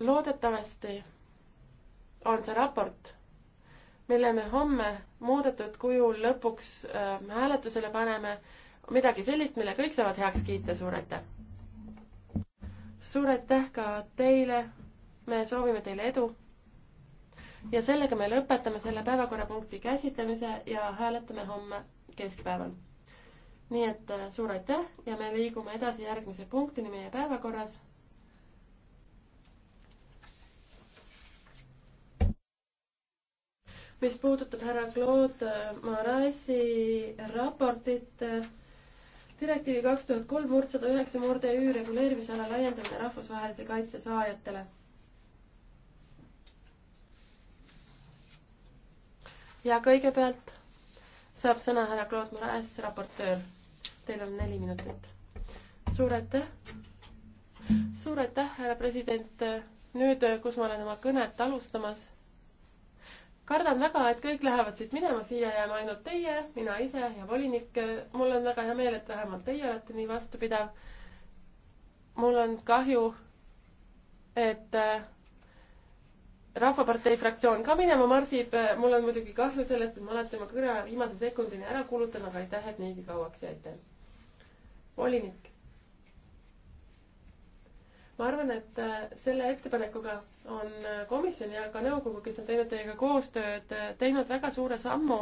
loodetavasti on see raport, mille me homme muudetud kujul lõpuks äh, hääletusele paneme, midagi sellist, mille kõik saavad heaks kiita, suur aitäh! suur aitäh ka teile, me soovime teile edu ja sellega me lõpetame selle päevakorrapunkti käsitlemise ja hääletame homme keskpäeval. nii et äh, suur aitäh ja me liigume edasi järgmise punktini meie päevakorras mis puudutab härra Claude Maraisi raportit direktiivi kaks tuhat kolm murd sada üheksa murd EÜ reguleerimisala laiendamine rahvusvahelise kaitse saajatele. ja kõigepealt saab sõna härra Claude Moraes, raportöör. Teil on neli minutit. suur aitäh. suur aitäh, härra president. nüüd, kus ma olen oma kõnet alustamas kardan väga, et kõik lähevad siit minema, siia jääme ainult teie, mina ise ja volinik. mul on väga hea meel, et vähemalt teie olete nii vastupidav. mul on kahju, et äh, Rahvapartei fraktsioon ka minema marsib. mul on muidugi kahju sellest, et ma olen tema kõne viimase sekundini ära kulutanud, aga aitäh, et niigi kauaks jäite. volinik ma arvan, et äh, selle ettepanekuga on äh, komisjon ja ka nõukogu, kes on teinud teiega koostööd, äh, teinud väga suure sammu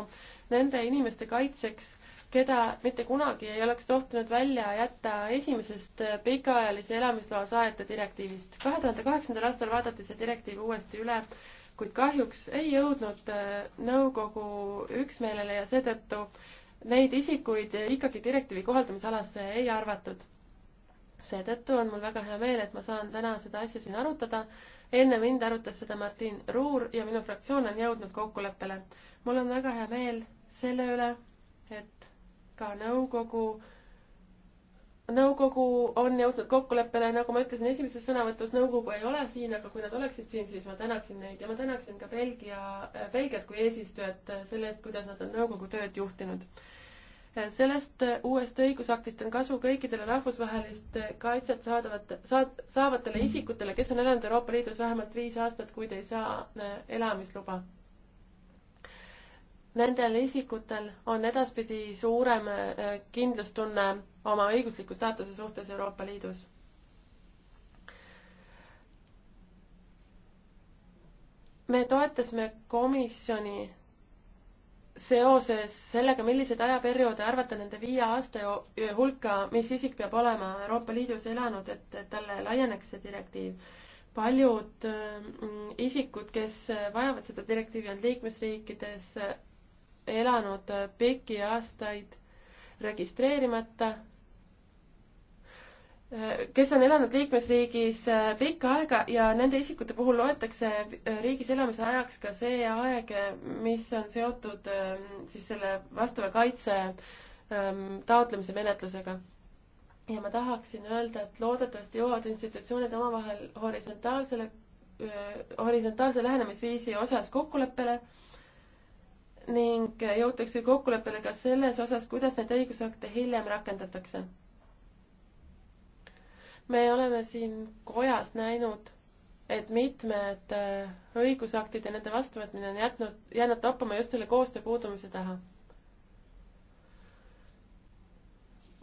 nende inimeste kaitseks, keda mitte kunagi ei oleks tohtinud välja jätta esimesest pikaajalise elamisloa saajate direktiivist. kahe tuhande kaheksandal aastal vaadati see direktiiv uuesti üle, kuid kahjuks ei jõudnud nõukogu üksmeelele ja seetõttu neid isikuid ikkagi direktiivi kohaldamisalasse ei arvatud seetõttu on mul väga hea meel, et ma saan täna seda asja siin arutada. enne mind arutas seda Martin Ruur ja minu fraktsioon on jõudnud kokkuleppele. mul on väga hea meel selle üle, et ka nõukogu, nõukogu on jõudnud kokkuleppele, nagu ma ütlesin esimeses sõnavõtus, nõukogu ei ole siin, aga kui nad oleksid siin, siis ma tänaksin neid ja ma tänaksin ka Belgia, Belgiat kui eesistujat selle eest, kuidas nad on nõukogu tööd juhtinud sellest uuest õigusaktist on kasu kõikidele rahvusvahelist kaitset saadavat, saad, saavatele isikutele, kes on elanud Euroopa Liidus vähemalt viis aastat, kuid ei saa äh, elamisluba. Nendel isikutel on edaspidi suurem äh, kindlustunne oma õigusliku staatuse suhtes Euroopa Liidus me toetasime komisjoni seoses sellega, milliseid ajaperioode arvata nende viie aasta hulka, mis isik peab olema Euroopa Liidus elanud, et talle laieneks see direktiiv. paljud mm, isikud, kes vajavad seda direktiivi, on liikmesriikides elanud pikki aastaid registreerimata kes on elanud liikmesriigis äh, pikka aega ja nende isikute puhul loetakse äh, riigis elamise ajaks ka see aeg, äh, mis on seotud ähm, siis selle vastava kaitse ähm, taotlemise menetlusega. ja ma tahaksin öelda, et loodetavasti jõuavad institutsioonid omavahel horisontaalsele, horisontaalse lähenemisviisi osas kokkuleppele ning jõutakse kokkuleppele ka selles osas, kuidas neid õigusakte hiljem rakendatakse me oleme siin kojas näinud, et mitmed äh, õigusaktid ja nende vastuvõtmine on jätnud, jäänud toppama just selle koostöö puudumise taha.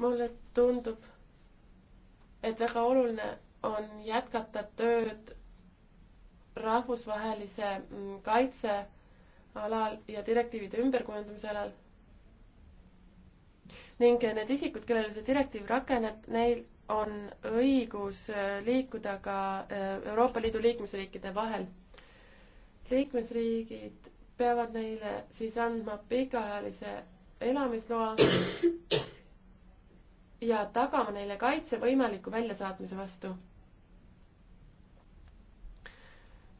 mulle tundub, et väga oluline on jätkata tööd rahvusvahelise mm, kaitse alal ja direktiivide ümberkujundamise alal. ning need isikud, kellele see direktiiv rakeneb, neil on õigus äh, liikuda ka äh, Euroopa Liidu liikmesriikide vahel. liikmesriigid peavad neile siis andma pikaajalise elamisloa ja tagama neile kaitse võimaliku väljasaatmise vastu.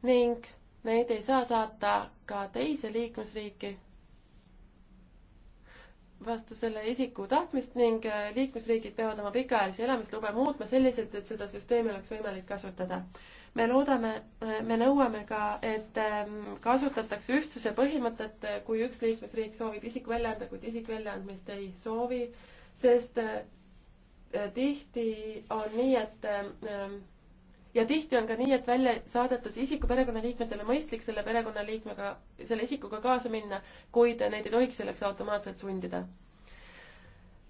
ning neid ei saa saata ka teise liikmesriiki vastu selle isiku tahtmist ning äh, liikmesriigid peavad oma pikaajalisi elamislube muutma selliselt, et seda süsteemi oleks võimalik kasutada. me loodame, äh, me nõuame ka, et ähm, kasutatakse ühtsuse põhimõtet, äh, kui üks liikmesriik soovib isiku välja anda, kuid isik väljaandmist ei soovi, sest tihti on nii, et ähm, ja tihti on ka nii, et välja saadetud isiku perekonnaliikmetel on mõistlik selle perekonnaliikmega, selle isikuga kaasa minna, kuid neid ei tohiks selleks automaatselt sundida.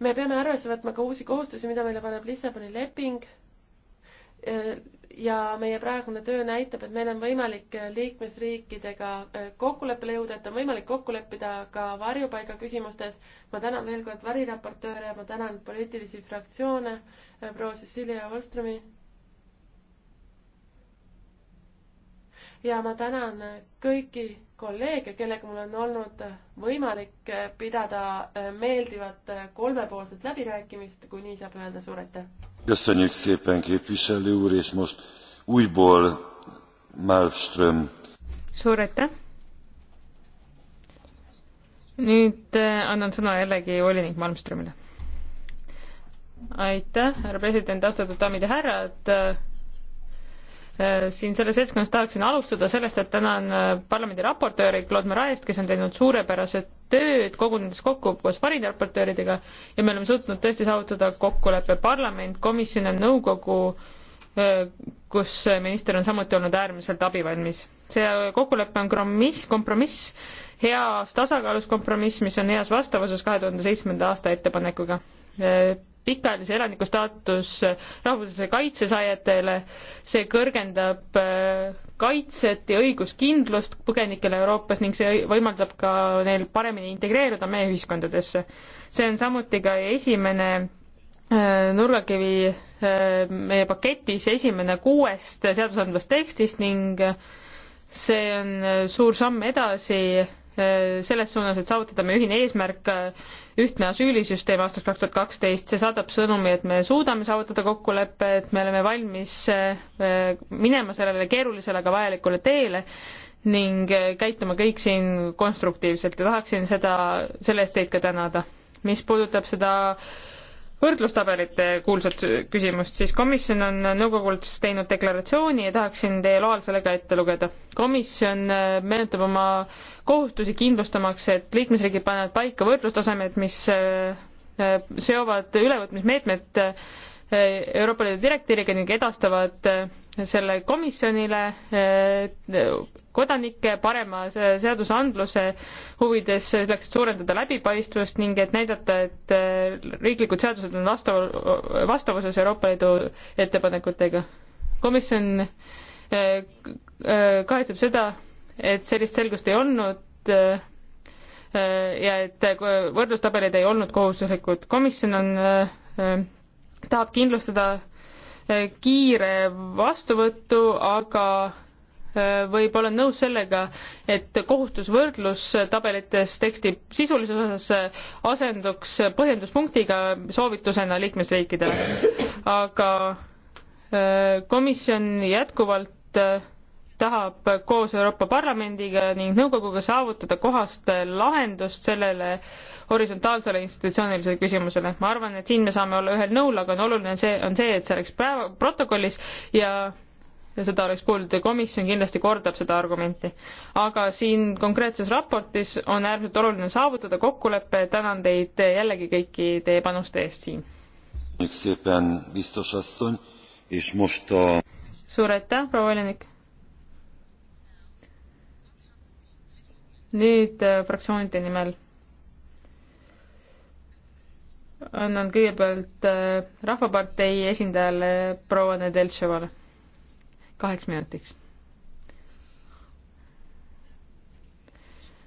me peame arvesse võtma ka uusi kohustusi, mida meile paneb Lissaboni leping ja meie praegune töö näitab, et meil on võimalik liikmesriikidega äh, kokkuleppele jõuda, et on võimalik kokku leppida ka varjupaiga küsimustes. ma tänan veel kord variraportööre, ma tänan poliitilisi fraktsioone, äh, proua Cecilia Wallströmi ja ma tänan kõiki kolleege, kellega mul on olnud võimalik pidada äh, meeldivat äh, kolmepoolset läbirääkimist, kui nii saab öelda, suur aitäh! köszönjük szépen képviselő úr, és most újból Malmström. suur aitäh! nüüd äh, annan sõna jällegi volinik Malmströmile. aitäh, härra president, austatud daamid ja härrad, Äh, siin selles seltskonnas tahaksin alustada sellest, et tänan äh, parlamendi raportööri Claude Moraest, kes on teinud suurepärase tööd, kogunedes kokku koos variraportööridega ja me oleme suutnud tõesti saavutada kokkuleppe parlament, komisjon ja nõukogu, äh, kus minister on samuti olnud äärmiselt abivalmis. see kokkulepe on kompromiss, kompromiss, heas tasakaalus kompromiss, mis on heas vastavuses kahe tuhande seitsmenda aasta ettepanekuga pikaajalise elaniku staatus rahvusvahelise kaitse saajatele, see kõrgendab äh, kaitset ja õiguskindlust põgenikele Euroopas ning see võimaldab ka neil paremini integreeruda meie ühiskondadesse. see on samuti ka esimene äh, nurgakivi äh, meie paketis, esimene kuuest seadusandlast tekstist ning see on suur samm edasi selles suunas, et saavutada meie ühine eesmärk, ühtne asüülisüsteem aastast kaks tuhat kaksteist, see saadab sõnumi, et me suudame saavutada kokkuleppe, et me oleme valmis äh, minema sellele keerulisele, aga vajalikule teele ning äh, käituma kõik siin konstruktiivselt ja tahaksin seda, selle eest teid ka tänada. mis puudutab seda äh, võrdlustabelite eh, kuulsat küsimust, siis komisjon on nõukogult siis teinud deklaratsiooni ja tahaksin teie loal selle ka ette lugeda. komisjon eh, meenutab oma kohustusi kindlustamaks, et liikmesriigid panevad paika võrdlustasemed, mis eh, seovad ülevõtmismeetmed Eh, Euroopa Liidu direktiiviga ning edastavad eh, selle komisjonile eh, kodanike parema seadusandluse huvides selleks, et suurendada läbipaistvust ning et näidata, et riiklikud seadused on vastav, vastavuses Euroopa Liidu ettepanekutega. komisjon kahetseb seda, et sellist selgust ei olnud ja et võrdlustabelid ei olnud kohustuslikud. komisjon on tahab kindlustada eh, kiire vastuvõttu, aga eh, võib olla nõus sellega, et kohustus võrdlustabelites teksti sisulises osas eh, asenduks põhjenduspunktiga soovitusena liikmesriikidele. aga komisjon jätkuvalt tahab koos Euroopa Parlamendiga ning nõukoguga saavutada kohast lahendust sellele horisontaalsele institutsioonilisele küsimusele. ma arvan, et siin me saame olla ühel nõul, aga on oluline see, on see, et see oleks päeva, protokollis ja ja seda oleks kuulnud ja komisjon kindlasti kordab seda argumenti. aga siin konkreetses raportis on äärmiselt oluline saavutada kokkulepe, tänan teid jällegi kõiki teie panuste eest siin. suur aitäh, proua volinik nüüd äh, fraktsioonide nimel annan kõigepealt äh, Rahvapartei esindajale proua Nedeltševale kaheks minutiks.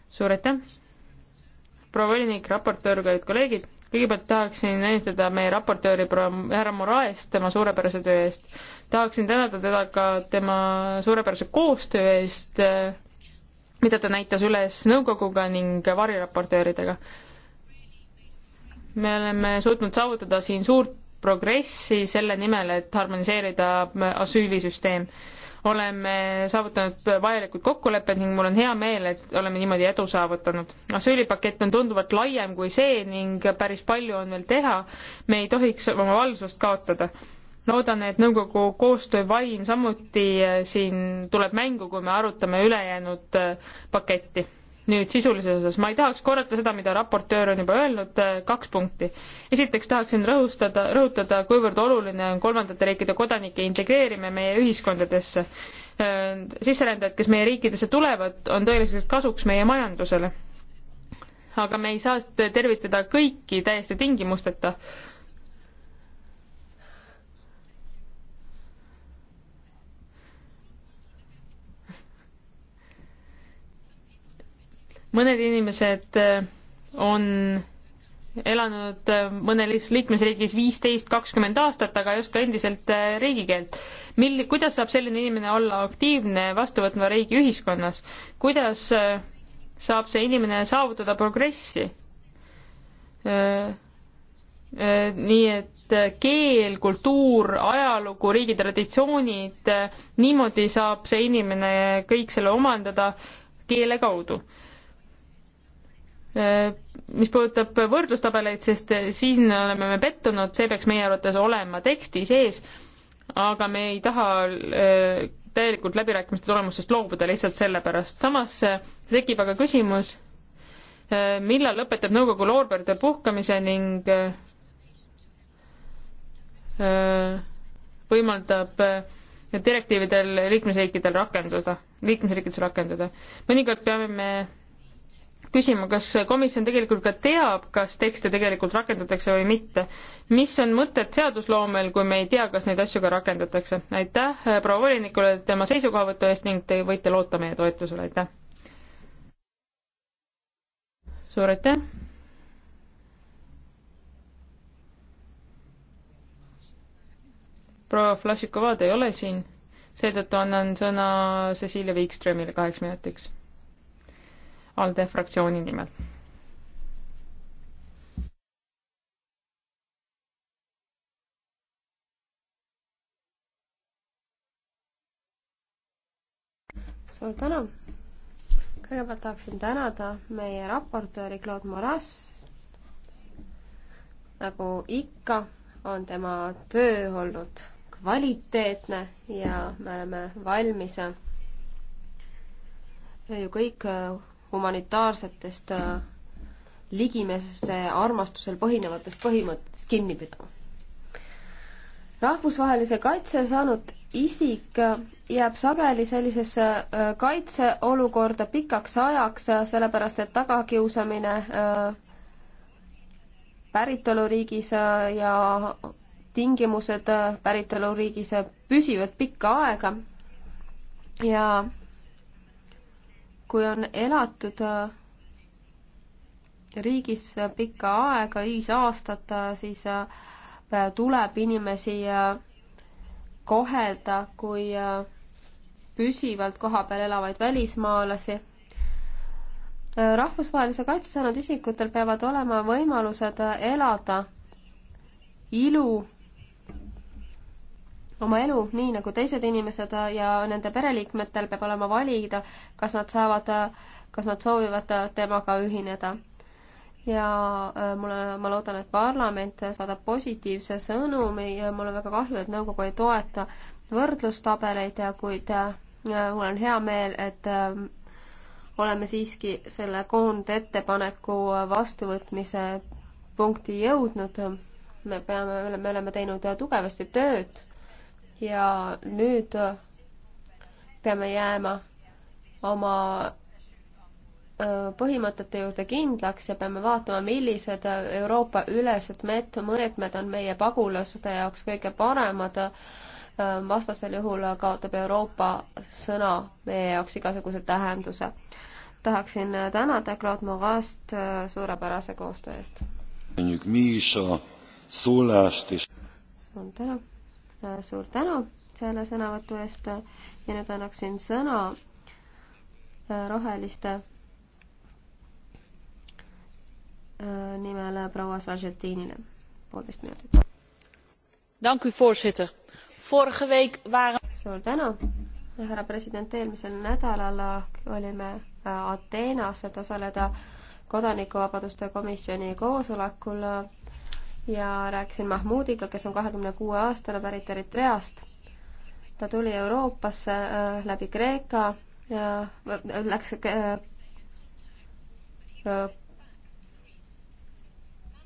suur aitäh! proua volinik, raportöör, kallid kolleegid, kõigepealt tahaksin õnnitleda meie raportööri proua härra Moraest tema suurepärase töö eest. tahaksin tänada teda ka tema suurepärase koostöö eest äh, mida ta näitas üles nõukoguga ning variraportööridega. me oleme suutnud saavutada siin suurt progressi selle nimel, et harmoniseerida asüülisüsteem. oleme saavutanud vajalikud kokkulepped ning mul on hea meel, et oleme niimoodi edu saavutanud. asüülipakett on tunduvalt laiem kui see ning päris palju on veel teha. me ei tohiks oma valvsust kaotada loodan, et nõukogu koostöövaim samuti eh, siin tuleb mängu, kui me arutame ülejäänud eh, paketti. nüüd sisulise osas, ma ei tahaks korrata seda, mida raportöör on juba öelnud, eh, kaks punkti. esiteks tahaksin rõhustada, rõhutada, kuivõrd oluline on kolmandate riikide kodanike integreerimine meie ühiskondadesse. sisserändajad, kes meie riikidesse tulevad, on tõeliselt kasuks meie majandusele aga me ei saa tervitada kõiki täiesti tingimusteta mõned inimesed äh, on elanud äh, mõnes liikmesriigis viisteist, kakskümmend aastat, aga ei oska endiselt äh, riigikeelt. mil-, kuidas saab selline inimene olla aktiivne vastuvõtva riigi ühiskonnas? kuidas saab see inimene saavutada progressi? nii et keel, kultuur, ajalugu, riigi traditsioonid, niimoodi saab see inimene kõik selle omandada keele kaudu Äh, mis puudutab võrdlustabeleid, sest siin oleme me pettunud, see peaks meie arvates olema teksti sees, aga me ei taha äh, täielikult läbirääkimiste tulemustest loobuda lihtsalt sellepärast. samas äh, tekib aga küsimus, millal lõpetab nõukogu loorberde puhkamise ning võimaldab direktiividel liikmesriikidel rakenduda, liikmesriikides rakenduda. mõnikord peame me küsima, kas komisjon tegelikult ka teab, kas tekste tegelikult rakendatakse või mitte. mis on mõtet seadusloomel, kui me ei tea, kas neid asju ka rakendatakse? aitäh äh, proua volinikule tema seisukohavõtu eest ning te võite loota meie toetusele, aitäh! suur aitäh! proua Flašikovad ei ole siin, seetõttu annan sõna Cecilia Wikströmile kaheks minutiks ALDE fraktsiooni nimel. suur tänu! kõigepealt tahaksin tänada meie raportööri Claude Moras. nagu ikka, on tema töö olnud kvaliteetne ja me oleme valmis ju kõik humanitaarsetest äh, ligimese armastusel põhinevatest põhimõtetest kinni pidama. rahvusvahelise kaitse saanud isik jääb sageli sellisesse äh, kaitseolukorda pikaks ajaks, äh, sellepärast et tagakiusamine päritoluriigis ja tingimused päritoluriigis püsivad pikka aega ja kui on elatud äh, riigis pikka aega, viis aastat, äh, siis äh, tuleb inimesi kohelda kui püsivalt kohapeal elavaid välismaalasi. rahvusvahelise kaitse saanud isikutel peavad olema võimalused elada ilu oma elu nii nagu teised inimesed äh, ja nende pereliikmetel peab olema valida, kas nad saavad, äh, kas nad soovivad äh, temaga ühineda. ja mulle, ma loodan, et parlament saadab positiivse sõnumi ja mul on väga kahju, et nõukogu ei toeta võrdlustabeleid, kuid mul on hea meel, et oleme siiski selle koondettepaneku vastuvõtmise punkti jõudnud me peame, me oleme teinud tugevasti tööd ja nüüd peame jääma oma põhimõtete juurde kindlaks ja peame vaatama, millised Euroopa ülesed meetmed on meie pagulaste jaoks kõige paremad. vastasel juhul kaotab Euroopa sõna meie jaoks igasuguse tähenduse. tahaksin tänada Claude Morast suurepärase koostöö eest. suur tänu. Äh, suur tänu selle sõnavõtu eest ja nüüd annaksin sõna äh, roheliste äh, nimel proua Sargentinile. poolteist minutit. Dank u voorzitter. Vorige week waren... Suur tänu, härra president. Eelmisel nädalal olime Ateenas, et osaleda kodanikuvabaduste komisjoni koosolekul ja rääkisin Mahmudiga, kes on kahekümne kuue aastane, pärit Eritreast. ta tuli Euroopasse äh, läbi Kreeka ja äh, läks äh,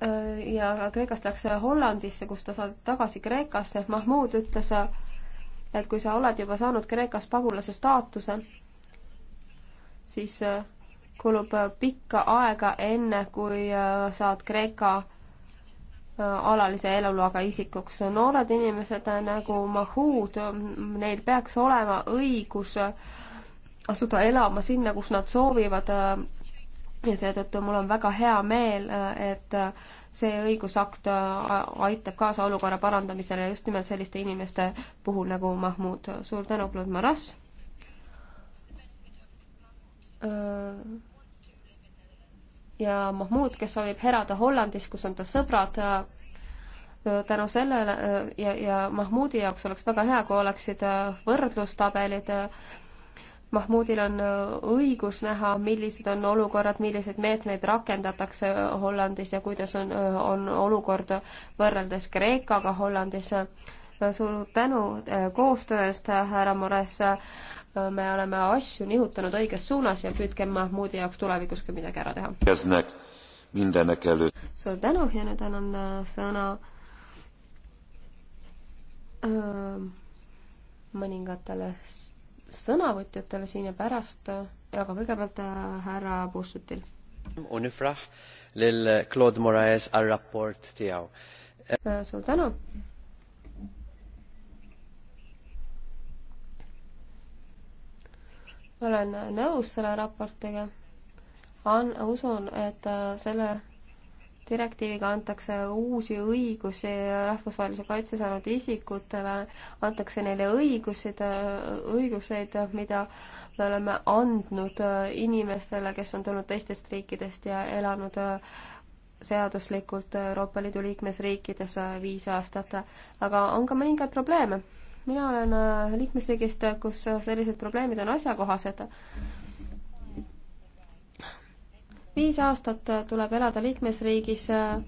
äh, ja Kreekast läks Hollandisse, kus ta saadeti tagasi Kreekasse. Mahmud ütles, et kui sa oled juba saanud Kreekas pagulase staatuse, siis äh, kulub pikka aega, enne kui äh, saad Kreeka alalise eluloaga isikuks. noored inimesed nagu Mahood, neil peaks olema õigus asuda elama sinna, kus nad soovivad ja seetõttu mul on väga hea meel, et see õigusakt aitab kaasa olukorra parandamisele just nimelt selliste inimeste puhul nagu Mahmud. suur tänu, Claude Maras! ja Mahmoud, kes soovib herada Hollandis, kus on ta sõbrad, äh, tänu sellele äh, ja, ja Mahmoudi jaoks oleks väga hea, kui oleksid äh, võrdlustabelid. Mahmoudil on õigus näha, millised on olukorrad, milliseid meetmeid rakendatakse Hollandis ja kuidas on, on olukord võrreldes Kreekaga Hollandis. suur tänu koostöö eest, härra Mores me oleme asju nihutanud õiges suunas ja püüdkem Mahmoodi jaoks tulevikus ka midagi ära teha. suur tänu ja nüüd annan äh, sõna äh, mõningatele sõnavõtjatele siin ja pärast, äh, aga kõigepealt härra Pussutil. unifrah lil Claude Moraes al raport tijaw. suur tänu olen nõus selle raportiga. An-, usun, et äh, selle direktiiviga antakse uusi õigusi rahvusvahelise kaitse saanud isikutele, antakse neile õigusid, äh, õiguseid, mida me oleme andnud äh, inimestele, kes on tulnud teistest riikidest ja elanud seaduslikult Euroopa Liidu liikmesriikides viis aastat. aga on ka mõningaid probleeme mina olen äh, liikmesriigist, kus sellised probleemid on asjakohased. viis aastat tuleb elada liikmesriigis äh,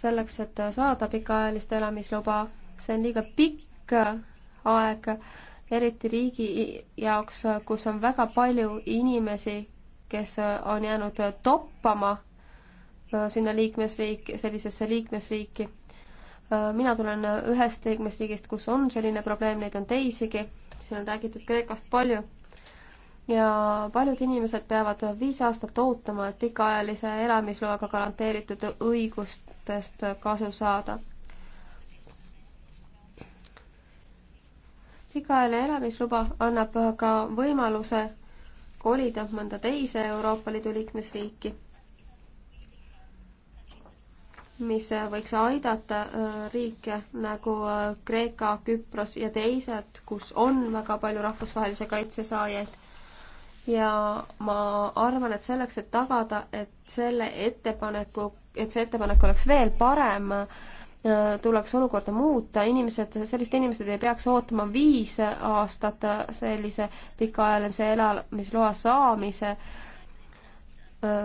selleks, et saada pikaajalist elamisluba. see on liiga pikk äh, aeg, eriti riigi jaoks, kus on väga palju inimesi, kes on jäänud toppama sinna liikmesriiki, sellisesse liikmesriiki Äh, mina tulen äh, ühest liikmesriigist, kus on selline probleem, neid on teisigi, siin on räägitud Kreekast palju. ja paljud inimesed peavad viis aastat ootama, et pikaajalise elamisloaga garanteeritud õigustest kasu saada. pikaajaline elamisluba annab ka võimaluse kolida mõnda teise Euroopa Liidu liikmesriiki mis äh, võiks aidata äh, riike nagu äh, Kreeka, Küpros ja teised, kus on väga palju rahvusvahelise kaitse saajaid. ja ma arvan, et selleks, et tagada, et selle ettepaneku, et see ettepanek oleks veel parem, tuleks olukorda muuta, inimesed, sellised inimesed ei peaks ootama viis aastat sellise pikaajalise elamisloa saamise äh,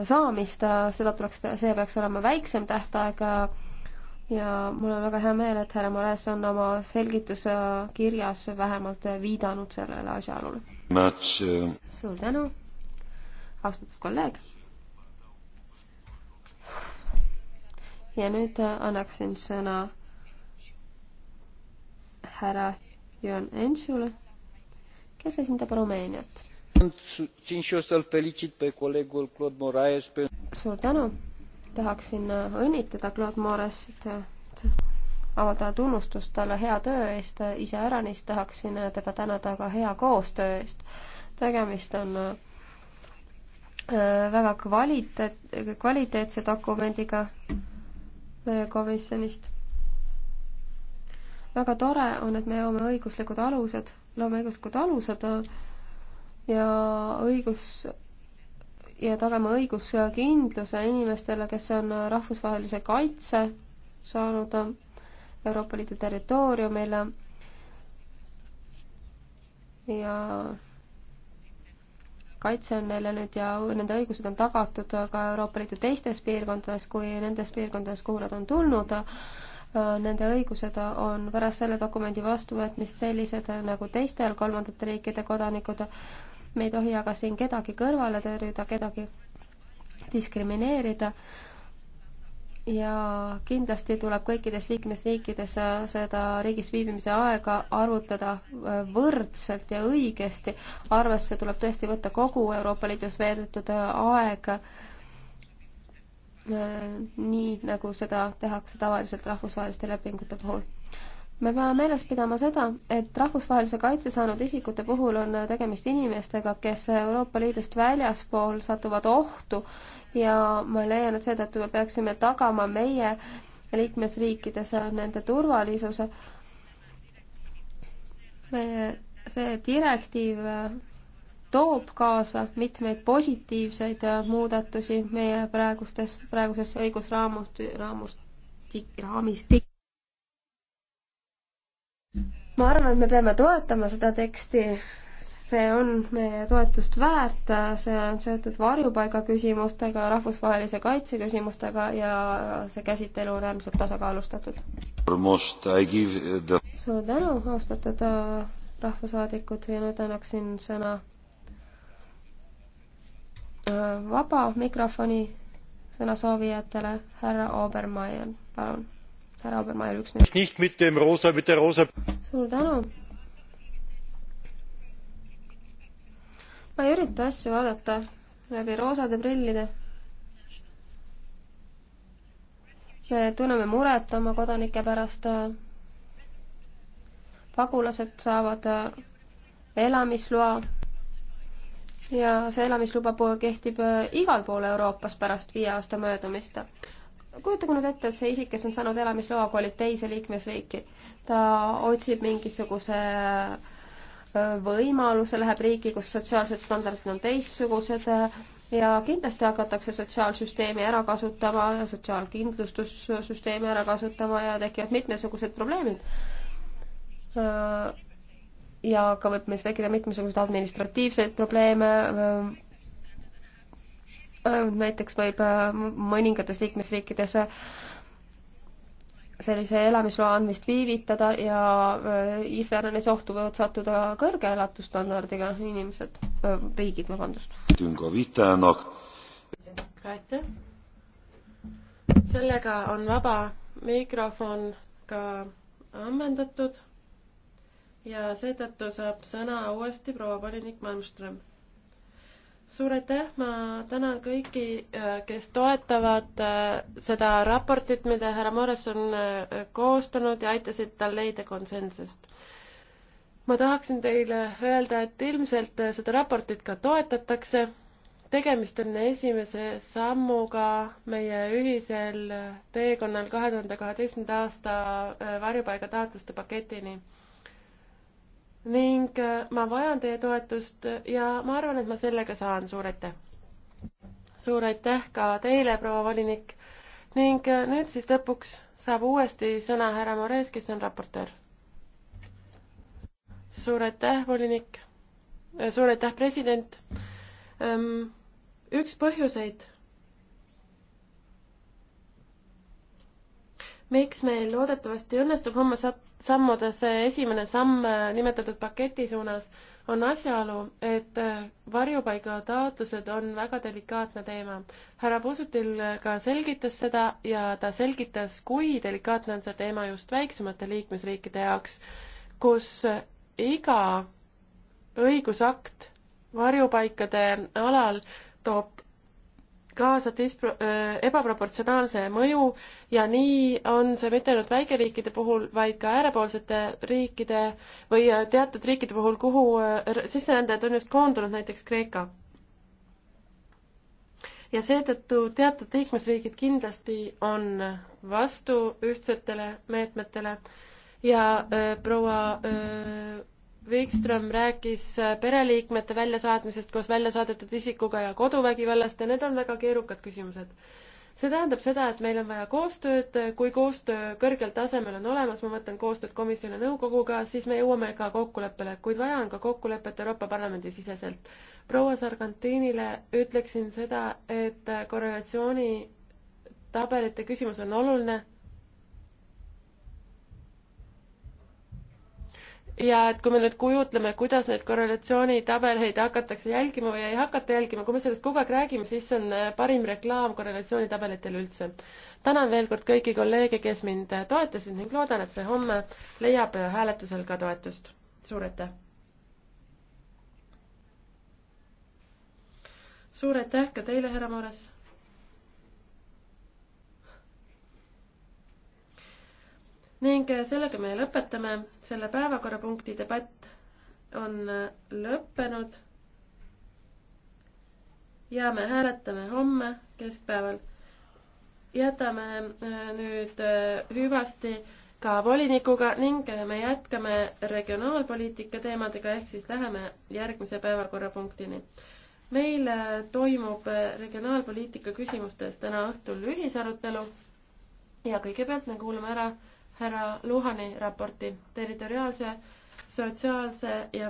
saamist, seda tuleks, see peaks olema väiksem tähtaeg ja mul on väga hea meel, et härra Mores on oma selgituskirjas vähemalt viidanud sellele asjaolule. suur tänu, austatud kolleeg. ja nüüd annaksin sõna härra Jörn Ensule, kes esindab Rumeeniat țin și eu să l felicit pe colegul Claude Moraes pentru... Suur tänu! Tahaksin uh, õnnitleda Claude Moraesit, uh, avaldada tunnustust talle hea töö eest, uh, iseäranis tahaksin teda tänada ka hea koostöö eest. tegemist on väga kvaliteet, kvaliteetse dokumendiga meie komisjonist. väga tore on, et me jõuame õiguslikud alused, loome õiguslikud alused ja õigus ja tagama õiguskindluse inimestele, kes on rahvusvahelise kaitse saanud Euroopa Liidu territooriumil ja kaitse on neile nüüd ja nende õigused on tagatud ka Euroopa Liidu teistes piirkondades, kui nendes piirkondades, kuhu nad on tulnud. Nende õigused on pärast selle dokumendi vastuvõtmist sellised nagu teistel kolmandate riikide kodanikud me ei tohi aga siin kedagi kõrvale tõrjuda, kedagi diskrimineerida ja kindlasti tuleb kõikides liikmesriikides äh, seda riigis viibimise aega arvutada äh, võrdselt ja õigesti. arvesse tuleb tõesti võtta kogu Euroopa Liidus veedetud äh, aeg, nii nagu seda tehakse tavaliselt rahvusvaheliste lepingute puhul me peame meeles pidama seda, et rahvusvahelise kaitse saanud isikute puhul on tegemist inimestega, kes Euroopa Liidust väljaspool satuvad ohtu ja ma leian, et seetõttu me peaksime tagama meie liikmesriikides nende turvalisuse. meie see direktiiv toob kaasa mitmeid positiivseid muudatusi meie praegustes, praeguses õigusraamust, raamust, raamistik ma arvan, et me peame toetama seda teksti, see on meie toetust väärt, see on seotud varjupaiga küsimustega, rahvusvahelise kaitse küsimustega ja see käsitelu on äärmiselt tasakaalustatud. The... suur tänu, austatud äh, rahvasaadikud ja nüüd annaksin sõna äh, vaba mikrofoni sõnasoovijatele, härra Obermeier, palun härra Obermaier, üks minut. suur tänu. ma ei ürita asju vaadata läbi roosade prillide. me tunneme muret oma kodanike pärast. pagulased saavad elamisloa ja see elamisluba kehtib igal pool Euroopas pärast viie aasta möödumist kujutage nüüd ette, et see isik, kes on saanud elamisloa, kolib teise liikmesriiki. ta otsib mingisuguse äh, võimaluse, läheb riiki, kus sotsiaalsed standardid on teistsugused äh, ja kindlasti hakatakse sotsiaalsüsteemi ära kasutama ja sotsiaalkindlustussüsteemi ära kasutama ja tekivad mitmesugused probleemid. Äh, ja ka võib meil tekkida mitmesuguseid administratiivseid probleeme näiteks võib äh, mõningates liikmesriikides äh, sellise elamisloa andmist viivitada ja äh, iseäranis ohtu võivad sattuda kõrge elatusstandardiga inimesed, riigid, vabandust. aitäh. sellega on vaba mikrofon ka ammendatud ja seetõttu saab sõna uuesti proua volinik Malmström suur aitäh, ma tänan kõiki, äh, kes toetavad äh, seda raportit, mida härra Mores on äh, koostanud ja aitasid tal leida konsensust. ma tahaksin teile öelda, et ilmselt seda raportit ka toetatakse. tegemist on esimese sammuga meie ühisel teekonnal kahe tuhande kaheteistkümnenda aasta varjupaigataotluste paketini ning äh, ma vajan teie toetust ja ma arvan, et ma sellega saan, suur aitäh! suur aitäh ka teile, proua volinik, ning äh, nüüd siis lõpuks saab uuesti sõna härra Mores, kes on raportöör. suur aitäh, volinik, äh, suur aitäh, president! üks põhjuseid miks meil loodetavasti õnnestub homme sammudes esimene samm äh, nimetatud paketi suunas, on asjaolu, et äh, varjupaigataotlused on väga delikaatne teema. härra Pusutil äh, ka selgitas seda ja ta selgitas, kui delikaatne on see teema just väiksemate liikmesriikide jaoks, kus iga õigusakt varjupaikade alal toob kaasa dispro-, äh, ebaproportsionaalse mõju ja nii on see mitte ainult väikeriikide puhul, vaid ka äärepoolsete riikide või äh, teatud riikide puhul, kuhu äh, sisserändajad on just koondunud, näiteks Kreeka. ja seetõttu teatud liikmesriigid kindlasti on vastu ühtsetele meetmetele ja äh, proua äh, Wikström rääkis äh, pereliikmete väljasaatmisest koos väljasaadetud isikuga ja koduvägivallast ja need on väga keerukad küsimused. see tähendab seda, et meil on vaja koostööd, kui koostöö kõrgel tasemel on olemas, ma mõtlen koostööd komisjoni ja nõukoguga, siis me jõuame ka kokkuleppele, kuid vaja on ka kokkulepet Euroopa Parlamendi siseselt. proua Sargantinile ütleksin seda, et äh, korrelatsiooni tabelite küsimus on oluline ja et kui me nüüd kujutleme, kuidas neid korrelatsioonitabeleid hakatakse jälgima või ei hakata jälgima, kui me sellest kogu aeg räägime, siis see on äh, parim reklaam korrelatsioonitabelitele üldse. tänan veel kord kõiki kolleege, kes mind äh, toetasid ning loodan, et see homme leiab äh, hääletusel ka toetust. suur aitäh! suur aitäh ka teile, härra Mores! ning eh, sellega me lõpetame selle päevakorrapunkti debatt on eh, lõppenud ja me hääletame homme keskpäeval. jätame eh, nüüd hüvasti ka volinikuga ning me jätkame regionaalpoliitika teemadega, ehk siis läheme järgmise päevakorrapunktini. meil toimub regionaalpoliitika küsimustes täna õhtul ühisarutelu ja kõigepealt me kuulame ära härra Luhani raporti territoriaalse, sotsiaalse ja